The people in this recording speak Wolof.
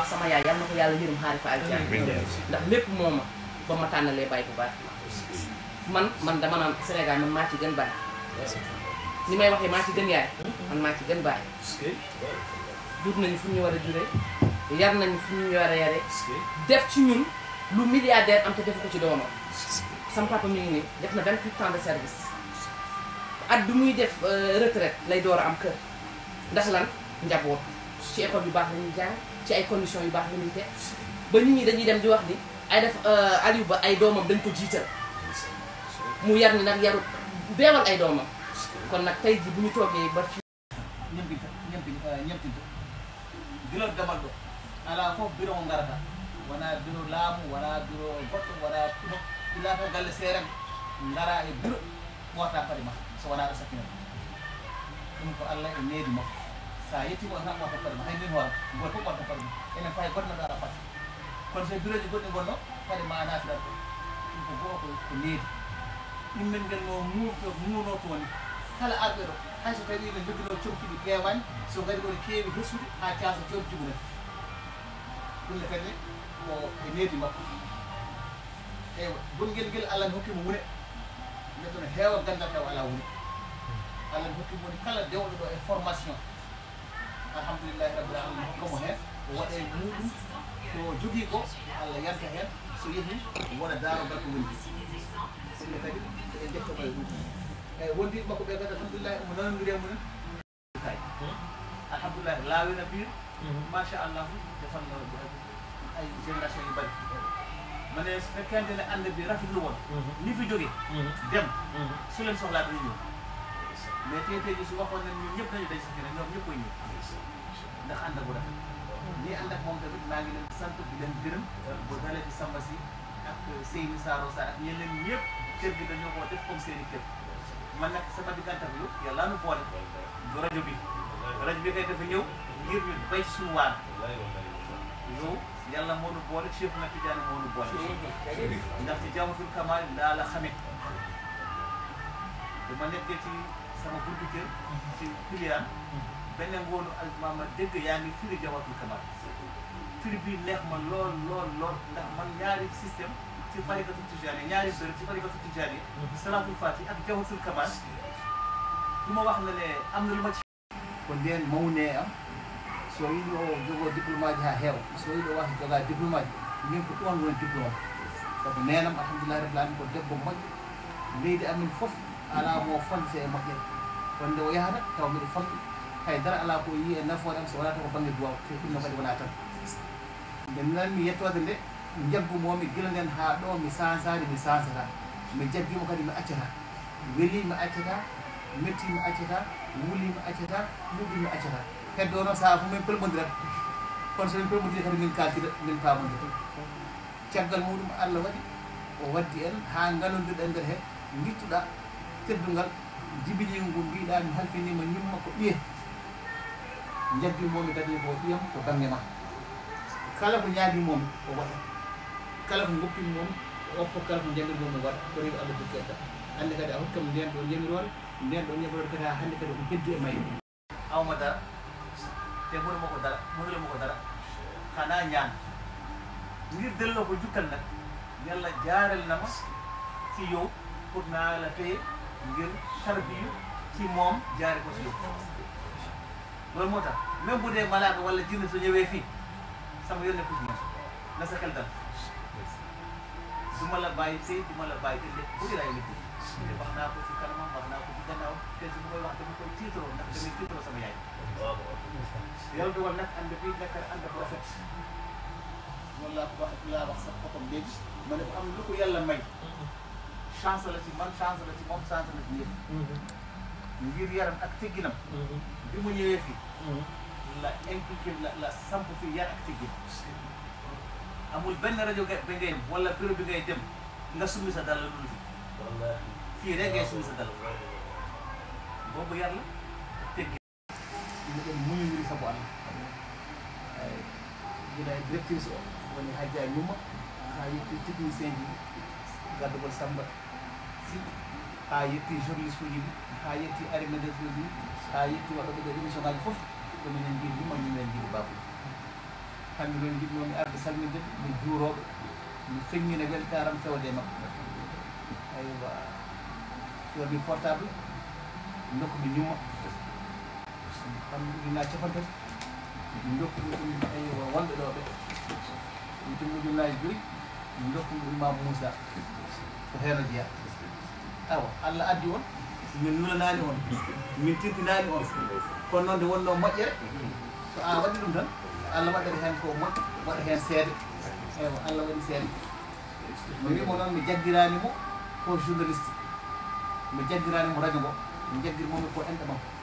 wax sama yaay yal na ko yàlla yërëm xaari aljanna ndax lepp moma ba ma tanale bay bu baax man man dama naan senegal man ma ci gën bàyyi ni may waxe ma ci gën yaay man ma ci gën bàyyi jur nañ fu ñu wara juré yar nañ fu ñu wara yaré yare def ci ñun lu milliardaire am ta def ko ci doono sama papa mi ngi def na 28 ans de service at bi muy def euh, retraite lay door am kër ndax lan njabot ci école bu baax lañu jaar ci ay conditions yu baax la té ba nit ñi dañuy dem di wax ni ay def euh, Aliou Ba ay domam dañ ko jiital mu yar ni nak yarut beewal ay domam kon nak tay ji bu ñu toogee ba fi ñempinta ñempinta ñempinta gilor demal do ala fo biro mo garata wona bureau laamu wona bureau goɗɗo wona ɗumo ko galle seeren gara e bureau ɓoota paɗe ma so wona sa sakkina ko allah e needi so a yettii on tan wata ma haymin hoora gol fof wata parma enen fay gonnoɗaa pat kono so bureji goɗɗi gonno kadi manasiɗat ɗum ko goo ko leedi ɗummen ngel no muuɗo muuno toone kala arɓeɗo hay so kadi ɓe jogginoo comtiɗi ƴeewani so kadi woni keewi hessude haa caasa coomtigunat ɗumne kadi ko e leedi makko eywa gongel ngel allah n hokkimo wune neɗɗo no heewa ganndal tew alaa wune allah n hokkimo woni kala dewɗo ɗo e formation alhamdulillahi rabbil alamin hokkamo hen o waɗe muɗum ko jogui ko allah yanta hen so yeehi wona darogal ko wondi ɗumne kadi e jettoma e ɗum eyyi wondiɓe makko ɓe kadi alhamdulillahi omo nanodiri mumen kay alhamdulillahi laawina biir machallahu defanno ay génération yi mbaɗi mane so fekkente ne annde bi rafetlu won ni fi jogee dem so len sohlaa ɗum ñoo mais tey tey su waxoon nañ ñun ñëpp dañu daj si feneen ñoom ñëpp koy ndax ànd bu rafet nii ànd ak moom tamit maa ngi leen sant bi leen gërëm ba dalee ci Samba si ak Seyni Saaro Sarr ak ñeneen ñëpp kër gi dañoo koo def seen i kër man nag sama diggante bi yëpp yàlla rajo bi bi kay dafa ñëw ngir ñu bay suñu waar yow yàlla moo nu boole Cheikh na Tidiane moo nu boole ndax ci jaww fi kamaal daa la xamit ma nekkee ci sama buntu kër ci piliyaan beneen woonu almaam ma dégg yaa ngi firi jawatul kamal firi bi neex ma lool lool lool ndax man ñaari système ci farikatu tijaani ñaari bërëb ci farikatu tijaani salaatul faati ak jawatul kamal lu ma wax na ne am na lu ma ci ko nden mawneya so yiɗo jogoo diplomaji ha heewa so yiɗo wata jogaa diplomaji min ko ɗon woni diplôme sabu nenam alhamdulillah rabbil alamin ko debbo moƴƴo leydi amin fof ala mofon se maɓɓel wonde o yahata taw mbiɗa famɗi haydara ala ko yi e nafoore am so wonata ko banggue duwaw te ɗum no kadi wona tan ndennan mi yettode nde jaggumomi gila nden ha do mi sansade mi sansata mi mo kadi mi accata weli mi accata metti mi accata wuli mi accata mudi mi accata heddo noon saha fof min pelmodirat kono somin pelmodiri kadi min kaltira min pamodira caggal mudum allah wadi o waddi en ha gandodirɗa e he guittuɗa teddungal jibini ngum bi halfini ma mi mako bi ko ɓiye jabbimomi kadi ko ƴiyam ko bange kala bu ko mom ko wata kala ko goppinmomi o oppo kala bu ko mom wat ko rewi allah jokketta hannde ka da hokkam ndem nden ɗo jamirol nden ɗo jamirol ka ha hannde kadi ko heddi e mayri awma da te ɓuri mako dara ɓurile mako dara hana ñaan ndir dello ko jukkal nak yalla jaaral na ma ci yow pour na la tey ngir tarbiyu ci moom jaare ko ci moo tax même bu dee malaaka wala jinne su ñëwee sama yoon nekkul moom na la bàyyi tey ma la bàyyi ko si kanamam wax naa ko si gannaaw te su ma koy laa ko wax laa am lu ko yàlla may chance la ci man chance la ci moom chance la ci ñëpp mhm. ngir yaram ak tegginam mhm. bi mu ñëwee fi mhm. la impliqué la la samp yar ak teggin amul benn rajo bi ngay wala bi ngay dem nga summi sa dara dul fi fii rek ngay sa dara boobu yar la teggin mu ñu wiri sabu allah guidaay directrice o woni hajjaay ñumma haa yetti technicien ji gaddugol samba ha yetti journaliste uji ɗi ha yetti armédes uji ha yetti waɗoɓe ɗe émission ngaji fof kominen jiɗi ɗum on minen jiɗi babude kamɓe noon jiɗi noon mi arde salminde mi juuroɓe mi feŋñina weltaram fewde e makko aywa yormi portable dokkumi ñumma kam ujunnaaji capan tati mi dokkumi ɗum aywa wonɓe ɗo ɓe mi timmi ujunnaaji joyi mi dokkumi ɗum ma moussa ko heeno jeyaa awa allah addi on min nulanaani on min tirtinaani on kono noon nde wonno moƴƴere so an waɗi ɗum tan allah waɗata heen ko moƴ waɗa heen seede eywa allah waɗi seede mi wiimo noon mi jaggiraanimo ko journaliste mi jaggiraanimo radio ngo mi jaggirmomi ko enɗe makko